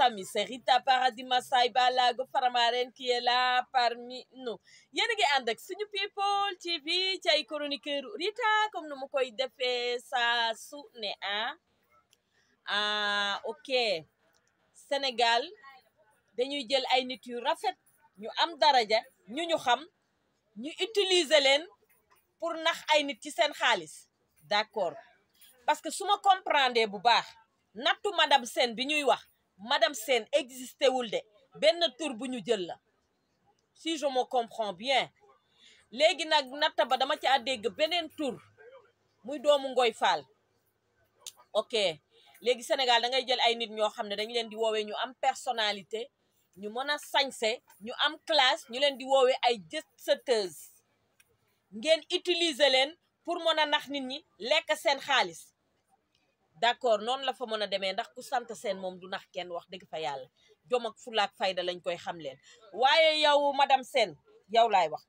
Samis Rita Paradis Massay Ba Lago Faramaren qui est la parmi nous yéen a ngi ànd ak suñu ci TV ci ay chroniqueur Rita comme nu mu koy defee sa su ne ah ah ok Sénégal dañuy jël ay nit yu rafet ñu am daraja ñu ñu xam ñu utiliser leen pour nax ay nit ci seen xaalis d'accord parce que su ma comprendre bu baax nattu madame Sène bi ñuy wax. madame Sène existé wul de benn tur bu ñu jël la si je me comprends bien léegi nag natta ba dama ci dégg beneen tour muy doomu Ngoy Fall ok léegi Sénégal da ngay jël ay nit ñoo xam ne dañ leen di woowee ñu am personalité ñu mën a sañse ñu am classe ñu leen di woowee ay jëstëteuse ngeen utiliser leen pour mën a nax nit ñi lekk seen xaalis d'accord noonu la fa mën a demee ndax ku sant seen moom du nax kenn wax dëgg fa yàlla jom ak fulaak fayda lañ koy xam leen waaye yow madame Sène yow laay wax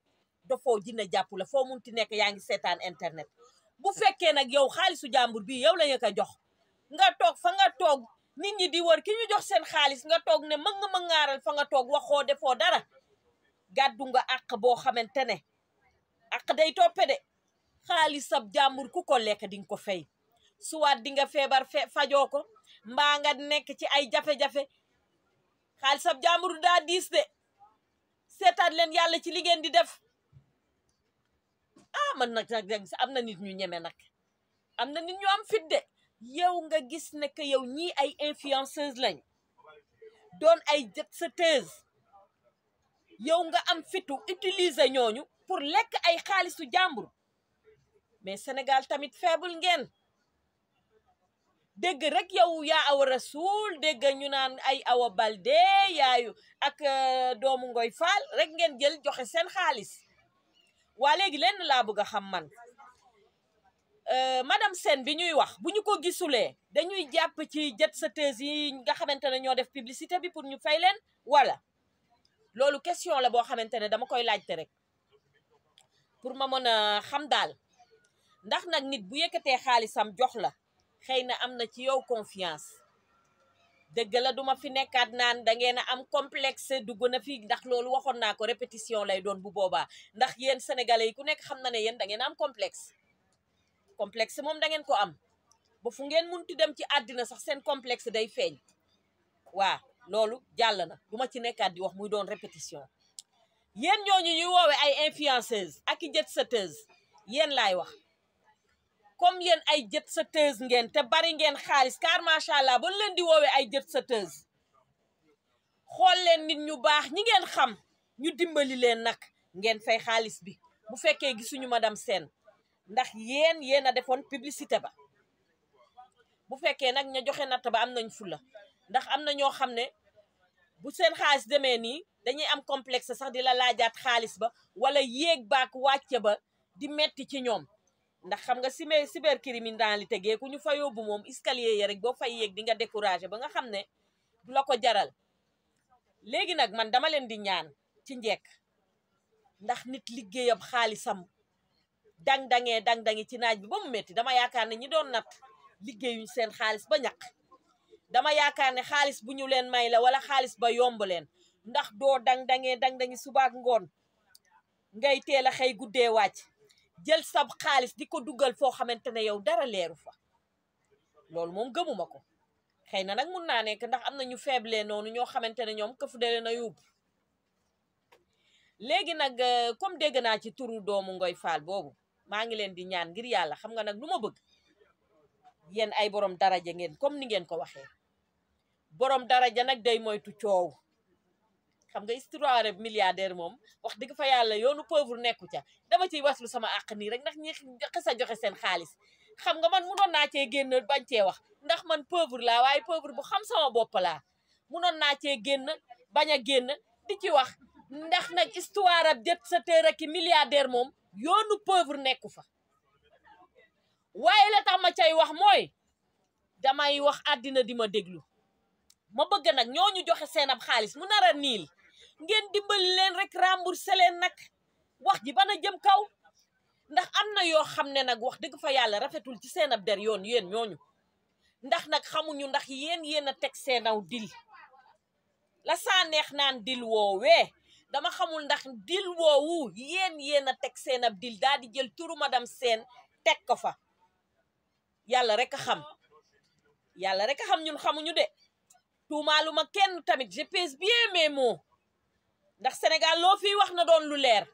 dafoo jinne jàpp la foo munti nekk yaa ngi seetaan internet bu fekkee nag yow xaalisu jàmbur bi yow la ñu ko jox nga toog fa nga toog nit ñi di wër ki ñu jox seen xaalis nga toog ne mën nga ma ŋaaral fa nga toog waxoo defoo dara gàddu nga àq boo xamante ne àq day toppe de xaalis jàmbur ku ko lekk di nga ko fay suwaat di nga feebar fe fajoo mbaa nga nekk ci ay jafe-jafe xaalisab jaambur daa diis de seetaat leen yàlla ci li di def ah man nag nag am na nit ñu ñeme nag am na nit ñu am fit de yow nga gis ne que yow ñii ay influenceuse lañ doon ay jet-setteuse yow nga am fitu utilise ñooñu pour lekk ay xaalisu jàmbur mais Sénégal tamit faible ngeen dégg rek yow yaa awa rasul dégg ñu naan ay awa balde yaayu ak euh, doomu ngoy faal rek ngeen jël joxe seen xaalis waa léegi lenn laa bëgg a xam man euh, madame Sène bi ñuy wax bu ñu ko gisulee dañuy jàpp ci jet setteuse yi nga xamante ne ñoo def publicité bi pour ñu fay leen wala loolu question la boo xamante ne dama koy laajte rek pour ma mën a xam daal ndax nag nit bu yëkkatee xaalisam jox la xëy na am na ci yow confiance dëgg la duma fi nekkaat naan da ngeen a am complexe dugg na fi ndax loolu waxoon naa ko répétition lay doon bu boobaa ndax yéen sénégalais yi ku nekk xam na ne yéen dangeen am complexe complexe moom dangeen ko am ba fu ngeen munti dem ci àddina sax seen complexe day feeñ waa loolu jàll na duma ci nekkaat di wax muy doon répétition yéen ñooñu ñuy woowe ay influenceuse ak i jet setteuse yéen laay wax comme yéen ay jët sateuse ngeen te bari ngeen xaalis car macha allah ba leen di woowee ay jët sateuse xool leen nit ñu baax ñi ngeen xam ñu dimbali leen nag ngeen fay xaalis bi bu fekkee gisuñu madam seen ndax yéen yéen a defoon publicité ba bu fekkee nag ña joxe natt ba am nañ fula ndax am na ñoo xam ne bu seen xaalis demee nii dañuy am complexe sax di la laajaat xaalis ba wala yéeg baak wàcce ba di metti ci ñoom ndax xam nga cyber cybercriminalité gee ku ñu fa yóbbu moom escalier ya rek boo fay yéeg di nga découragé ba nga xam ne du la ko jaral léegi nag man dama leen di ñaan ci njekk ndax nit liggéeyam xaalisam dang-dangee dang-dangi ci naaj bi ba mu métti dama yaakaar ne ñi doon nat liggéeyuñ seen xaalis ba ñàkk dama yaakaar ne xaalis bu ñu leen may la wala xaalis ba yomb leen ndax doo dang-dangee dang-dangi subaak ngoon ngay teel a xëy guddee wàcc jël sab xaalis di ko dugal foo xamante ne yow dara leeru fa loolu moom gëmuma ko xëy na nag mun naa nekk ndax am na ñu faible noonu ñoo xamante ne ñoom këfu dale na yóbbu léegi nag euh, comme dégg naa ci turu doomu ngoy fal boobu maa ngi leen di ñaan ngir yàlla xam nga nag lu ma bëgg yéen ay borom daraja ngeen comme ni ngeen ko waxee borom daraja nag day moytu coow xam nga histoire milliardaire moom wax dëgg fa yàlla yoonu pauvre nekku ca dama ciy waslu sama àq nii rek ndax ñi xisa joxe seen xaalis xam nga man munoon naa cee génn bañ cee wax ndax man laa waaye pauvre bu xam sama bopp laa munoon naa cee génn bañ a génn di ci wax ndax nag histoire ab jet sa tër ak milliardaire moom yoonu pauvre nekku fa waaye la tax ma cay wax mooy dama damay wax àddina di ma déglu ma bëgg nag ñoo ñu joxe seen ab xaalis mu nar a niil ngeen dimbali leen rek remboursé leen nag wax ji bana jëm kaw ndax am na yoo xam ne nag wax dëgg fa yàlla rafetul ci seen der yoon yéen ñooñu ndax nag xamuñu ndax yéen yéen a teg seenaw dil la saa neex naan dil woowee dama xamul ndax dil woowu yéen yéen a teg seen ab dil daal di jël turu dam Sène teg ko fa yàlla rek a xam yàlla rek a xam ñun xamuñu de tuumaalu ma kenn tamit je pèse bien mes mots ndax Sénégal loo fi wax na doon lu leer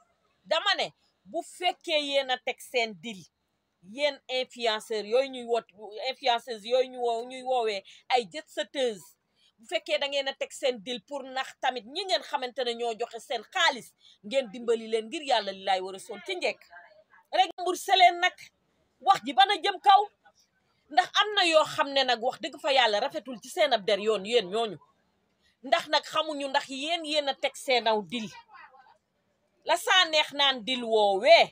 dama ne bu fekkee yéen a teg seen dil yéen influenceur yooyu ñuy woot influenceuse yooyu ñu woo ñuy woowee ay jët sateuse bu fekkee da ngeen a teg seen dil pour nax tamit ñi ngeen xamante ne ñoo joxe seen xaalis ngeen dimbali leen ngir yàlla li laay war a soon ci njekk rek mbur seleen nag wax ji bana jëm kaw ndax am na yoo xam ne nag wax dëgg fa yàlla rafetul ci seen ab der yoon yéen ñooñu ndax nag xamuñu ndax yéen yéen a teg seenaw dil la saa neex naan dil woowee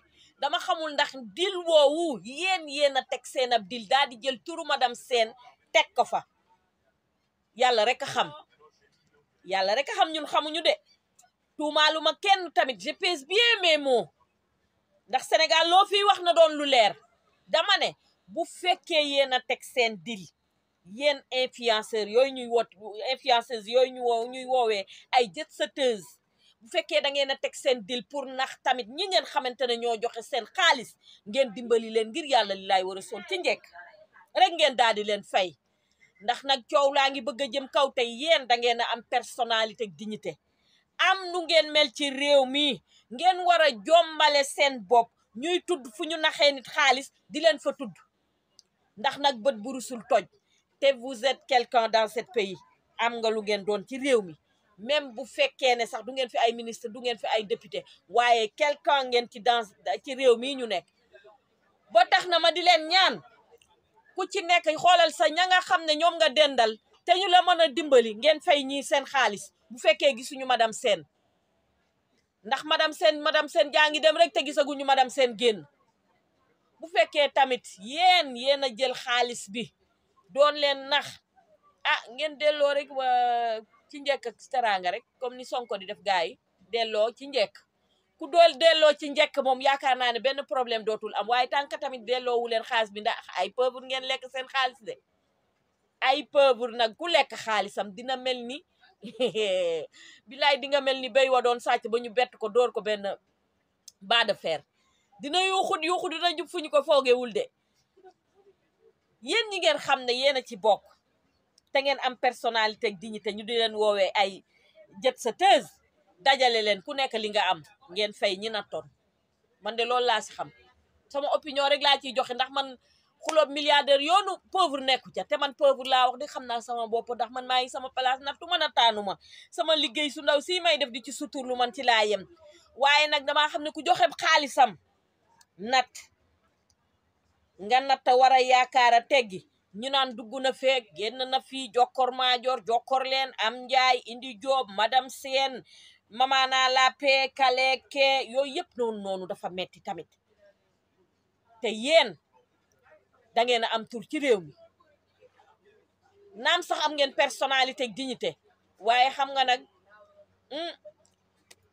dama xamul ndax dil woowu yéen yéen a teg seen ab dil daal di jël turu madame Sène teg ko fa yàlla rek a xam yàlla rek a xam ñun xamuñu de tuumaaluma kenn tamit je pèse bien mes mots ndax Sénégal loo fiy wax na doon lu leer dama ne bu fekkee yéen a teg seen dil yéen influenceurs yooyu ñuy woot influenceuses yooyu ñu woo ñuy woowee ay jët sateuses bu fekkee da ngeen a teg seen dil pour nax tamit ñi ngeen xamante ne ñoo joxe seen xaalis ngeen dimbali leen ngir yàlla li laay war a sol ci njekk rek ngeen daal di leen fay ndax nag coow laa ngi bëgg a jëm kaw tey yéen dangeen a am personnalité ak dignité am nu ngeen mel ci réew mi ngeen war a jombale seen bopp ñuy tudd fu ñu naxee nit xaalis di leen fa tudd ndax nag bët bu rusul toj te vous êtes quelqu'un dans ce pays am nga lu ngeen doon ci réew mi même bu fekkee ne sax du ngeen fi ay ministre du ngeen fi ay député waaye quelqu'un ngeen ci dans ci réew mii ñu nekk ba tax na ma di leen ñaan ku ci nekk xoolal sa ña nga xam ne ñoom nga dendal te ñu la mën a dimbali ngeen fay ñii seen xaalis bu fekkee gisuñu madame seen ndax madam seen madame seen jaa ngi dem rek te gisaguñu madame seen génn bu fekkee tamit yéen yéen a jël xaalis bi doon leen nax ah ngeen delloo rek wa ci njekk ak teraanga rek comme ni Sonko di def gars yi delloo ci njekk ku dool delloo ci njekk moom yaakaar naa ne benn problème dootul am waaye tant que tamit delloowu leen xaalis bi ndax ay pauvre ngeen lekk seen xaalis de ay pauvre nag ku lekk xaalisam dina mel ni bilaay di nga mel ni béy wa doon sàcc ba ñu bett ko dóor ko benn bas de fer dina yuuxut yuuxut na jub fu ñu ko foogewul de yéen ñi ngeen xam ne yéen a ci bokk te ngeen am personnalité ak dignité ñu di leen woowee ay jet setteuse dajale leen ku nekk li nga am ngeen fay ñi nattoon man de loolu laa si xam sama opinion rek laa ciy joxe ndax man xuloob milliardaire yoonu pauvre nekk ca te man pauvre laa wax di xam naa sama bopp ndax man maa ngi sama place nattu ma nattaanu ma sama liggéey su ndaw si may def di ci sutur lu man ci laa yem waaye nag damaa xam ne ku joxe sam natt nga natta wara a yaakaara teggi ñu naan dugg na feeg na fii jokkor maajoor jokkor leen am njaay indi joob madame Sène mamaanaa la paix kaleeke yooyu yëpp noonu noonu dafa metti tamit te yéen da ngeen am tur ci réew mi naam sax am ngeen personnalité ak dignité waaye xam nga nag hmm,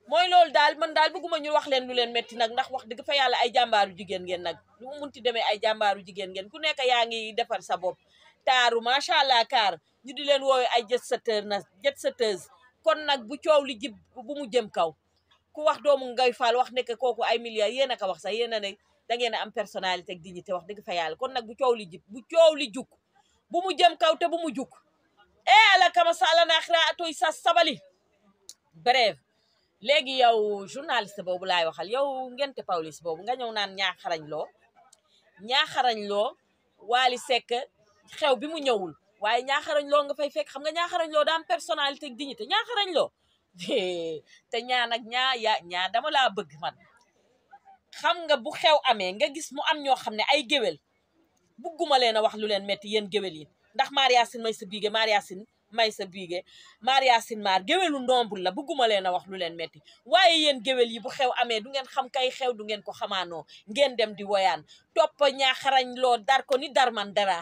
mooy loolu daal man daal bëgguma ñu wax leen lu leen métti nag ndax wax dëgg fa yàlla ay jàmbaaru jigéen ngeen nag lu mu munti demee ay jàmbaaru jigéen ngeen ku nekk yaa ngi defar sa bopp taaru macha allah kaar ñu di leen woowee ay jet setteurs na jet setteurs kon nag bu coow li jib bu mu jëm kaw ku wax doomu ngay faal wax nekk kooku ay milliards yéen ko wax sax yéen a ne da ngeen a am personnalité ak dignité wax dëgg fa yàlla kon nag bu coow li jib bu coow li jug bu mu jëm kaw te bu mu jug e ala kama sala na xira atoy sa sabali bref léegi yow journaliste boobu laay waxal yow ngente Pawlish boobu nga ñëw naan ñaa xarañ loo ñaa xarañ loo Wally Seck xew bi mu ñëwul waaye ñaa xarañ loo nga fay fekk xam nga ñaa xarañ loo daa am personnalité ak dignité ñaa xarañ loo te ñaa nag ñaa ya ñaa dama laa bëgg man xam nga bu xew amee nga gis mu am ñoo xam ne ay géwél bugguma leen a wax lu leen metti yéen géwél yi ndax Maria Sine may sa biige Maria Sine may sa biige Maria Sin Mar géwélu ndombul la bëgguma leen a wax lu leen metti waaye yéen géwél yi bu xew amee du ngeen xam kay xew du ngeen ko xamaanoo ngeen dem di woyaan toppa ñaaxarañ loo dar ko ni dar man dara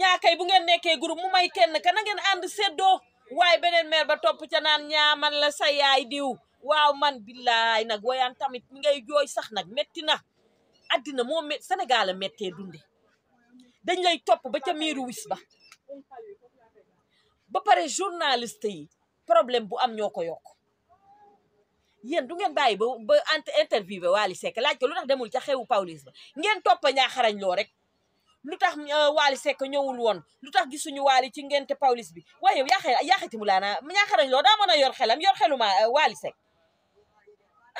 ñaakay bu ngeen nekkee groupe mu may kenn ka na ngeen ànd seddoo waaye beneen maire ba topp ca naan ñaaman la sa yaay diw waaw man billaay nag woyaan tamit mi ngay jooy sax nag metti na addina moo mét Sénégal a méttee dañ lay topp ba ca miiru wis ba ba pare journaliste yi problème bu am ñoo ko yokk yéen du ngeen bàyyi ba ba interviewé Wally Seck laaj ko lu tax demul ca xewu Pawlish ba ngeen topp ñaaxarañ loo rek lu tax euh, Wally Seck ñëwul woon lu tax gisuñu Wally ci ngente Pawlish bi waaye yow yaaxe yaaxati mu laanaa ñaaxarañ loo daa mën a yor xelam yor xeluma euh, Wally Seck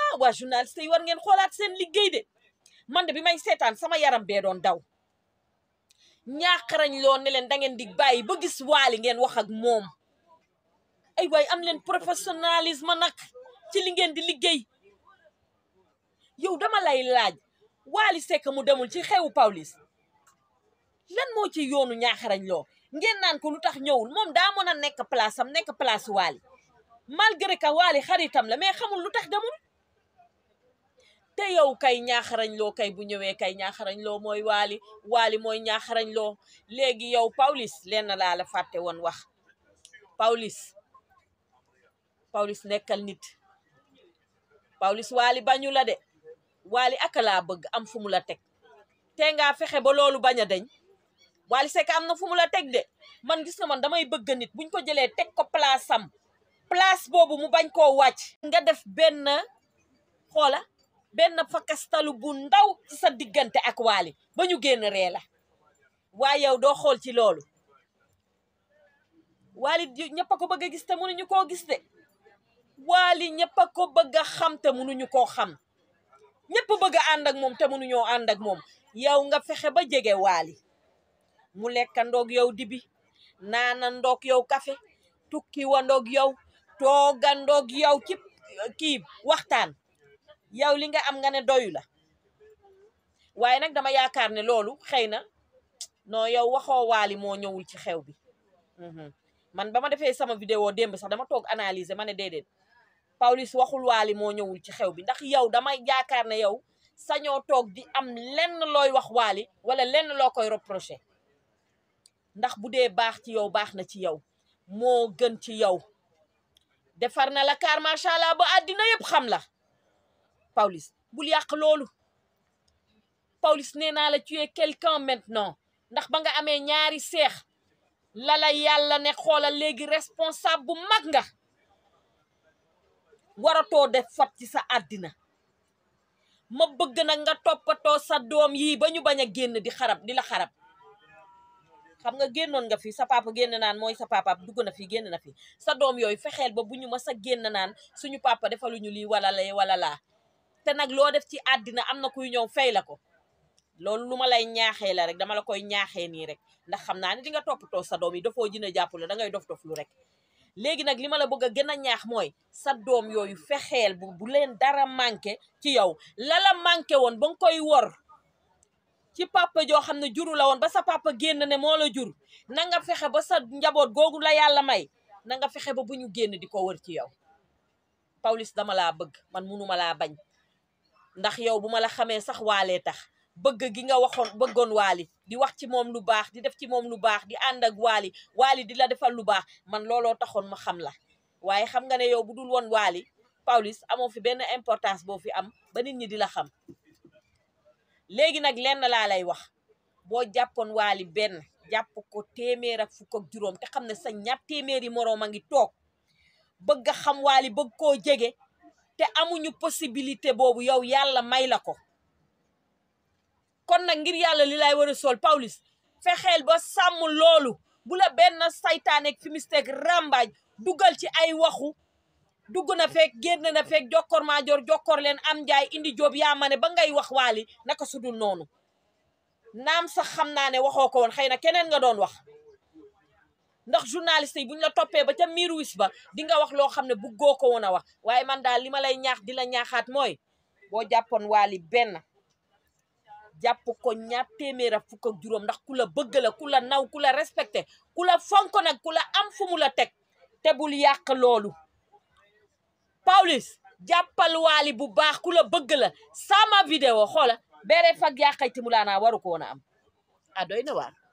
ah waa journaliste yi war ngeen xoolaat seen liggéey de man de bi may seetaan sama yaram bee doon daw ñaaxarañ loo ne leen da ngeen di bàyyi ba gis waali ngeen wax ak moom ay waay am leen professionnalisme nag ci li ngeen di liggéey yow dama lay laaj waali sekk mu demul ci xewu Pawlish lan moo ci yoonu ñaaxarañ loo ngeen naan ko lu tax ñëwul moom daa mën a nekk place am nekk place waali malgré que waali xaritam la mais xamul lu tax demul te yow kay ñaaxarañ loo kay bu ñëwee kay ñaaxarañ loo mooy waali waali mooy ñaaxarañ loo léegi yow Pawlish lenn laa la fàtte woon wax pawlis Pawlish nekkal nit pawlis waali bañu la de waali aka laa bëgg am fu mu la teg te ngaa fexe ba loolu bañ a deñ waali Seck am na fu mu la teg de man gis nga man damay bëgg nit buñ ko jëlee teg ko place am place boobu mu bañ koo wàcc nga def benn xoola benn fakastalu bu ndaw ci sa diggante ak waali ba ñu génn ree la waaye doo xool ci loolu waali ñëpp a ko bëgg a gis te mënuñu koo gis de waali ñëpp a ko bëgg a xam te mënuñu koo xam ñëpp bëgg a ànd ak moom te mënuñoo ànd ak moom yow nga fexe ba jege waali mu lekkandoog yow dibi naanandoog yow kafe tukki wandoog yow toogandoog yow ci kii waxtaan yow li nga am nga ne doyu la waaye nag dama yaakaar ne loolu xëy na noo yow waxoo waali moo ñëwul ci xew bi mhm. man ba ma defee sama vidéo demb sax dama toog analyser ma ne déedéet Pawlish waxul waali moo ñëwul ci xew bi ndax yow dama yaakaar ne yow sañoo toog di am lenn looy wax waali wala lenn loo koy reproché ndax bu dee baax ci yow baax na ci yow moo gën ci yow defar na la kaar macha allah ba àddina yëpp xam la Pawlish bul yàq loolu Pawlish nee naa la tu es quelqu'un maintenant ndax ba nga amee ñaari seex lala yàlla ne xoolal léegi responsable bu mag nga waratoo def fat ci sa àddina ma bëgg nag nga toppatoo sa doom yii ba ñu bañ a génn di xarab di la xarab xam nga génnoon nga fi sa papa génn naan mooy sa papa dugg na fi génn na fi sa doom yooyu fexeel ba bu ñu mës sa génn naan suñu papa defaluñu lii wala lay wala laa te nag loo def ci àddina am na kuy ñëw fay la ko loolu lu ma lay ñaaxee la rek dama la koy ñaaxee nii rek ndax xam naa ne di nga toppatoo sa doom yi dafoo jën a jàppale dangay dof dof lu rek léegi nag li ma la bëgg a gën a ñaax mooy sa doom yooyu fexeel bu leen dara manqué ci yow la la manqué woon ba nga koy wor ci papa joo xam ne juru la woon ba sa papa génn ne moo la jur na nga fexe ba sa njaboot googu la yàlla may na nga fexe ba bu ñu génn di ko wër ci yow Pawlish dama laa bëgg man munu laa bañ ndax yow bu ma la xamee sax waalee tax bëgg gi nga waxoon bëggoon waali di wax ci moom lu baax di def ci moom lu baax di ànd ak waali waali di la defal lu baax man looloo taxoon ma xam la waaye xam nga ne yow bu dul woon waali Pawlish amoo fi benn importance boo fi am ba nit ñi di la xam léegi nag lenn laa lay wax boo jàppoon waali benn jàpp ko téeméer ak fukk ak juróom te xam ne sa ñaar téeméeri moroom a ngi toog bëgg xam waali bëgg koo jege te amuñu possibilité boobu yow yàlla may la ko kon nag ngir yàlla li war a sol Pawlish fexeel ba sàmm loolu bu la benn saytaaneeg fi misteeg ràmbaaj dugal ci ay waxu dugg na fekk génn na fekk jokkoor maajoor jokkoor leen am njaay indi jóob yaa ma ne ba ngay wax waali naka sudul noonu naam sax xam naa ne waxoo ko woon xëy na keneen nga doon wax ndax journaliste yi bu ñu la toppee ba ca miiru wis ba di nga wax loo xam ne bëggoo ko woon a wax waaye man daal li ma lay ñaax di la ñaaxaat mooy boo jàppoon waali benn jàpp ko ñaar téeméer ak fukk ak juróom ndax ku la bëgg la la naw ku la respecté ku la fonk na ku la am fu mu la teg te bul yàq loolu Pawlish jàppal waali bu baax ku la bëgg la sama vidéo xoola bere fag yàqayti mu laanaa waru ko woon a am a ah, doy na